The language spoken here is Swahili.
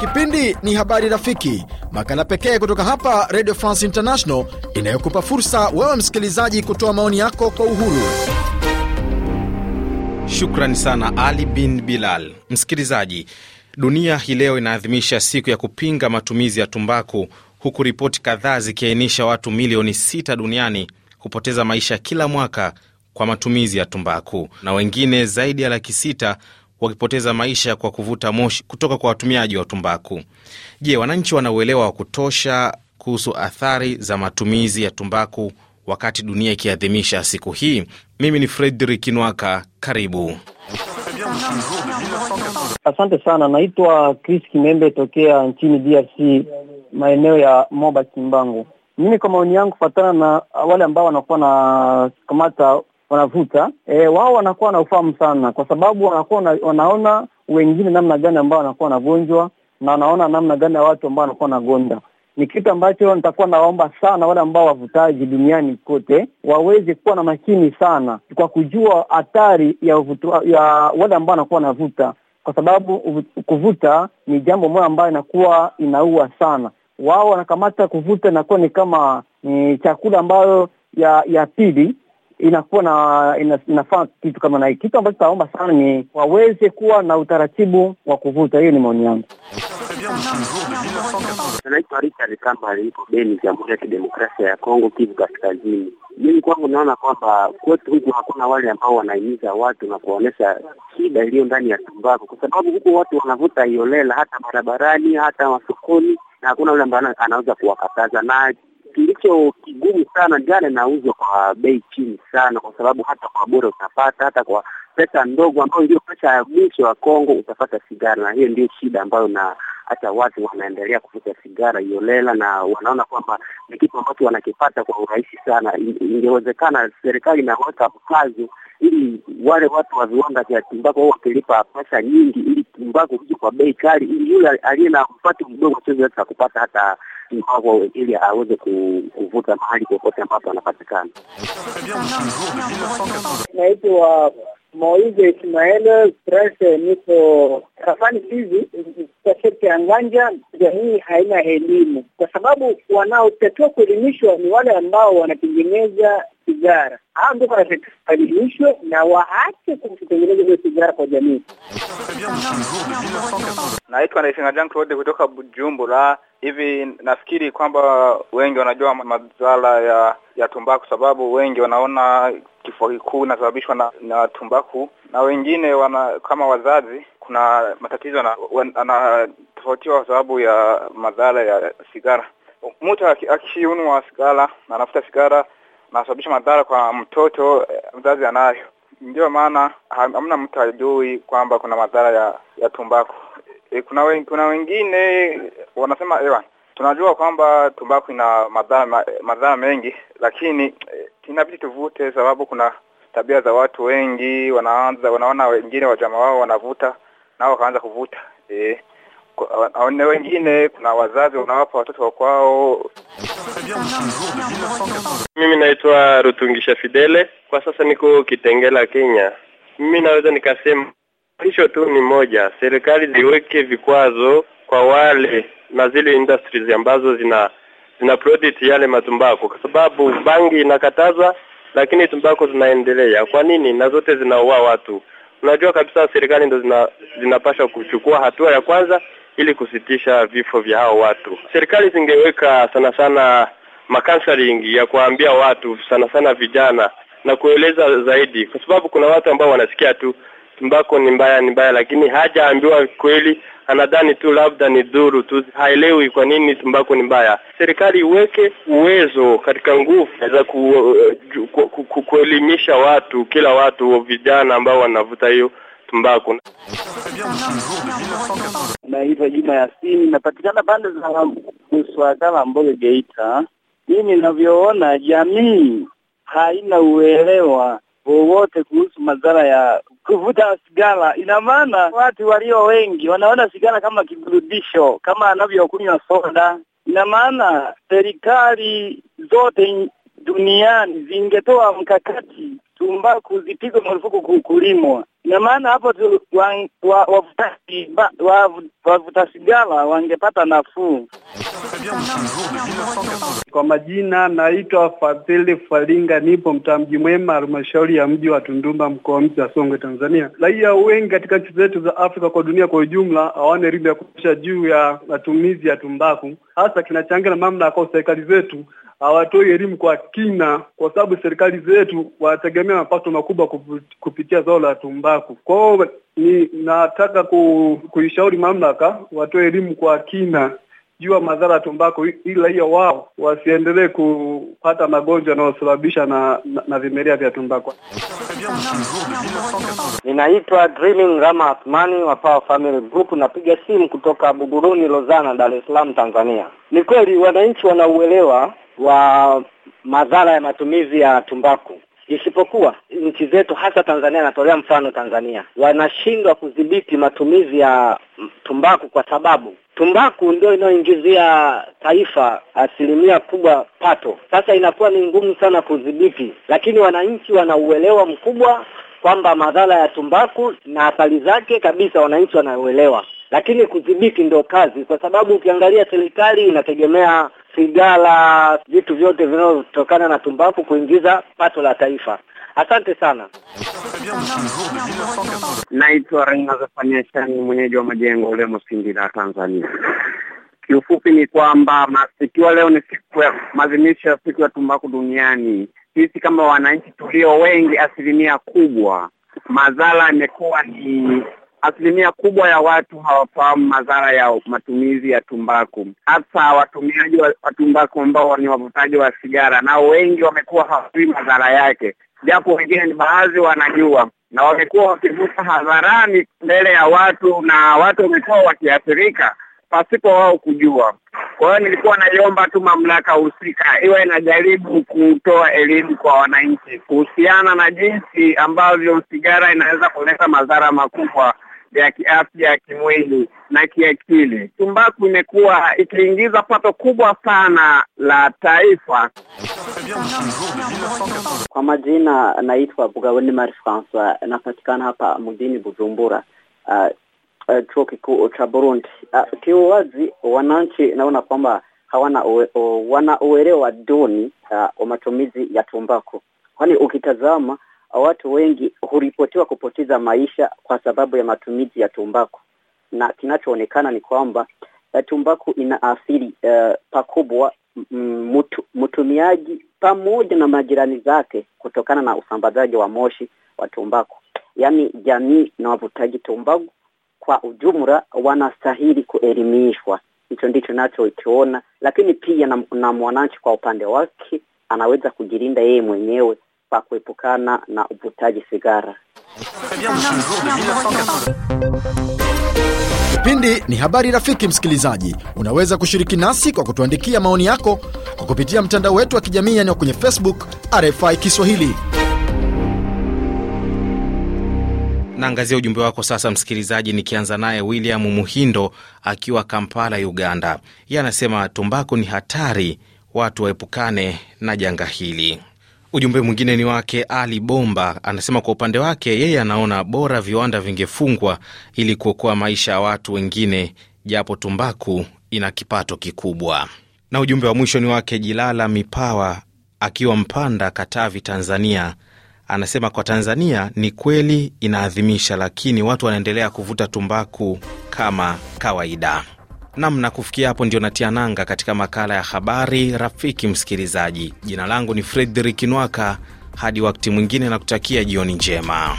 Kipindi ni Habari Rafiki, makala pekee kutoka hapa Radio France International inayokupa fursa wewe msikilizaji kutoa maoni yako kwa uhuru. Shukrani sana Ali bin Bilal. Msikilizaji, dunia hii leo inaadhimisha siku ya kupinga matumizi ya tumbaku, huku ripoti kadhaa zikiainisha watu milioni sita duniani hupoteza maisha kila mwaka kwa matumizi ya tumbaku na wengine zaidi ya laki sita wakipoteza maisha kwa kuvuta moshi kutoka kwa watumiaji wa tumbaku. Je, wananchi wana uelewa wa kutosha kuhusu athari za matumizi ya tumbaku wakati dunia ikiadhimisha siku hii? Mimi ni Fredrick Nwaka, karibu. Asante sana, naitwa Chris Kimembe tokea nchini DRC, maeneo ya Moba Kimbangu. Mimi kwa maoni yangu, kufatana na wale ambao wanakuwa na kamata wanavuta e, wao wanakuwa na ufahamu sana, kwa sababu wanakuwa na, wanaona wengine namna gani ambao wanakuwa wanagonjwa na wanaona namna gani ya watu ambao wanakuwa wanagonda. Ni kitu ambacho nitakuwa nawaomba sana wale ambao wavutaji duniani kote waweze kuwa na makini sana kwa kujua hatari ya, ya wale ambao wanakuwa wanavuta, kwa sababu kuvuta ni jambo moja ambayo inakuwa inaua sana. Wao wanakamata kuvuta inakuwa ni kama ni chakula ambayo ya ya pili inakuwa na ina, inafaa kitu kama na hii. Kitu ambacho tunaomba sana ni waweze kuwa na utaratibu wa kuvuta. Hiyo ni maoni yangu. Naitwa Richard Kamba, niko Beni, Jamhuri ya Kidemokrasia ya Kongo, Kivu Kaskazini. Mimi kwangu naona kwamba kwetu huku hakuna wale ambao wanahimiza watu na kuonyesha shida iliyo ndani ya tumbako, kwa sababu huku watu wanavuta iolela, hata barabarani, hata masokoni, na hakuna yule ambaye anaweza kuwakataza na kilicho kigumu sana, jana inauzwa kwa bei chini sana, kwa sababu hata kwa bure utapata hata kwa pesa ndogo ambayo ndio pesa ya mwisho wa Kongo utapata sigara, na hiyo ndio shida ambayo na hata watu wanaendelea kuvuta sigara iolela, na wanaona kwamba ni kitu ambacho wanakipata kwa urahisi sana. Ingewezekana serikali inaweka mkazo ili wale watu wa viwanda vya wao wakilipa pesa nyingi, ili tumbako kuja kwa bei kali, ili yule aliye na mpato mdogo asiweze kupata hata mpango ili aweze kuvuta mahali popote ambapo anapatikana. Naitwa Moise Ismael Prese, niko kafani hizi kwa sekta ya nganja. Jamii haina elimu, kwa sababu wanaotakiwa kuelimishwa ni wale ambao wanatengeneza sigara. Hao ndio wanatakiwa na waache kutengeneza hiyo sigara kwa jamii. Naitwa Ndayisenga Jean Claude kutoka Bujumbura. Hivi nafikiri kwamba wengi wanajua madhara ya ya tumbaku, sababu wengi wanaona kifua kikuu inasababishwa na, na tumbaku, na wengine wana kama wazazi, kuna matatizo anatofautiwa kwa sababu ya madhara ya sigara. Mtu akiunwa sigara, anafuta sigara nasababisha madhara kwa mtoto eh, mzazi anayo. ndio maana hamna mtu ajui kwamba kuna madhara ya ya tumbaku. E, kuna, wen, kuna wengine wanasema ewa, eh, tunajua kwamba tumbaku ina madhara ma, madhara mengi, lakini e, inabidi tuvute, sababu kuna tabia za watu wengi wanaanza, wanaona wengine wajama wao wanavuta nao wakaanza kuvuta e. Aone wengine kuna wazazi wanawapa watoto wa kwao. Mimi naitwa Rutungisha Fidele, kwa sasa niko Kitengela, Kenya. Mimi naweza nikasema hicho tu ni moja, serikali ziweke vikwazo kwa wale na zile industries ambazo zina zina product yale matumbako, kwa sababu bangi inakatazwa, lakini tumbako zinaendelea. Kwa nini? Na zote zinaua watu. Unajua kabisa serikali ndo zina, zinapasha kuchukua hatua ya kwanza ili kusitisha vifo vya hao watu. Serikali zingeweka sana sana makanseling ya kuambia watu sana sana vijana na kueleza zaidi, kwa sababu kuna watu ambao wanasikia tu tumbako ni mbaya, ni mbaya, lakini hajaambiwa kweli, anadhani tu labda ni dhuru tu, haelewi kwa nini tumbako ni mbaya. Serikali iweke uwezo katika nguvu za ku, eh, ku, ku, ku, kuelimisha watu, kila watu, vijana ambao wanavuta hiyo tumbaku. Naitwa Juma Yasini, napatikana pande za Mswakala, Mboge, Geita. Mimi navyoona jamii haina uelewa wowote kuhusu madhara ya kuvuta sigara. Ina maana watu walio wengi wanaona sigara kama kiburudisho, kama anavyokunywa soda. Ina maana serikali zote duniani zingetoa mkakati tumbaku zipigwe marufuku kukulimwa Ina maana hapo wavuta sigara wangepata nafuu. Kwa majina naitwa Fadhili Falinga, nipo mtaa Mji Mwema, halmashauri ya mji wa Tunduma, mkoa mji wa Songwe, Tanzania. Raia wengi katika nchi zetu za Afrika kwa dunia kwa ujumla hawana elimu ya kutosha juu ya matumizi ya tumbaku, hasa kinachangia na mamlaka au serikali zetu hawatoi elimu kwa kina, kwa sababu serikali zetu wanategemea mapato makubwa kupitia zao la tumbaku wako. Kwa hiyo ni nataka ku, kuishauri mamlaka watoe elimu kwa kina juu ya madhara ya tumbako, ili raia wao wasiendelee kupata magonjwa yanayosababisha na, na, na vimelea vya tumbako. Ninaitwa Dreaming Rama Athmani wa Power Family Group, napiga simu kutoka Buguruni, Lozana, Dar es Salaam, Tanzania. Ni kweli wananchi wanauelewa wa madhara ya matumizi ya tumbaku isipokuwa nchi zetu hasa Tanzania, natolea mfano Tanzania, wanashindwa kudhibiti matumizi ya tumbaku kwa sababu tumbaku ndio inayoingizia taifa asilimia kubwa pato. Sasa inakuwa ni ngumu sana kudhibiti, lakini wananchi wana uelewa mkubwa kwamba madhara ya tumbaku na athari zake kabisa, wananchi wanauelewa, lakini kudhibiti ndio kazi, kwa sababu ukiangalia serikali inategemea sigara, vitu vyote vinavyotokana na tumbaku kuingiza pato la taifa. Asante sana. Naitwa Rengaza Fanyesha, mwenyeji wa majengo ulemo Singida, Tanzania. Kiufupi ni kwamba ikiwa leo ni siku ya maadhimisho ya siku ya tumbaku duniani, sisi kama wananchi tulio wengi, asilimia kubwa, madhara yamekuwa ni asilimia kubwa ya watu hawafahamu madhara ya matumizi ya tumbaku, hasa watumiaji wa tumbaku ambao ni wavutaji wa sigara, nao wengi wamekuwa hawajui madhara yake, japo wengine ni baadhi wanajua na wamekuwa wakivuta hadharani mbele ya watu na watu wamekuwa wakiathirika pasipo wao kujua. Kwa hiyo nilikuwa naiomba tu mamlaka husika iwe inajaribu kutoa elimu kwa wananchi kuhusiana na jinsi ambavyo sigara inaweza kuleta madhara makubwa ya kiafya ya kimwili na kiakili. Tumbaku imekuwa ikiingiza pato kubwa sana la taifa. Kwa majina naitwa Bugaweni Mari Francois, napatikana hapa mjini Bujumbura, uh, uh, chuo kikuu cha Burundi. Uh, kiuwazi, wananchi naona kwamba hawana uwe, uh, wana uelewa duni uh, wa matumizi ya tumbaku, kwani ukitazama watu wengi huripotiwa kupoteza maisha kwa sababu ya matumizi ya tumbaku, na kinachoonekana ni kwamba eh, tumbaku inaathiri uh, eh, pakubwa mtu, mtumiaji pamoja na majirani zake kutokana na usambazaji wa moshi wa tumbaku. Yaani, jamii na wavutaji tumbaku kwa ujumla wanastahili kuelimishwa. Hicho ndicho nachokiona, lakini pia na, na mwananchi kwa upande wake anaweza kujilinda yeye mwenyewe pa kuepukana na uvutaji sigara. Kipindi ni habari rafiki. Msikilizaji, unaweza kushiriki nasi kwa kutuandikia maoni yako kwa kupitia mtandao wetu wa kijamii yaani kwenye Facebook RFI Kiswahili. Naangazia ujumbe wako sasa, msikilizaji, nikianza naye William Muhindo akiwa Kampala, Uganda. Yeye anasema tumbaku ni hatari, watu waepukane na janga hili. Ujumbe mwingine ni wake Ali Bomba, anasema kwa upande wake yeye anaona bora viwanda vingefungwa ili kuokoa maisha ya watu wengine, japo tumbaku ina kipato kikubwa. Na ujumbe wa mwisho ni wake Jilala Mipawa akiwa Mpanda, Katavi, Tanzania, anasema kwa Tanzania ni kweli inaadhimisha, lakini watu wanaendelea kuvuta tumbaku kama kawaida namna kufikia hapo ndio natia nanga katika makala ya habari rafiki msikilizaji. Jina langu ni Fredrik Nwaka. Hadi wakati mwingine, na kutakia jioni njema.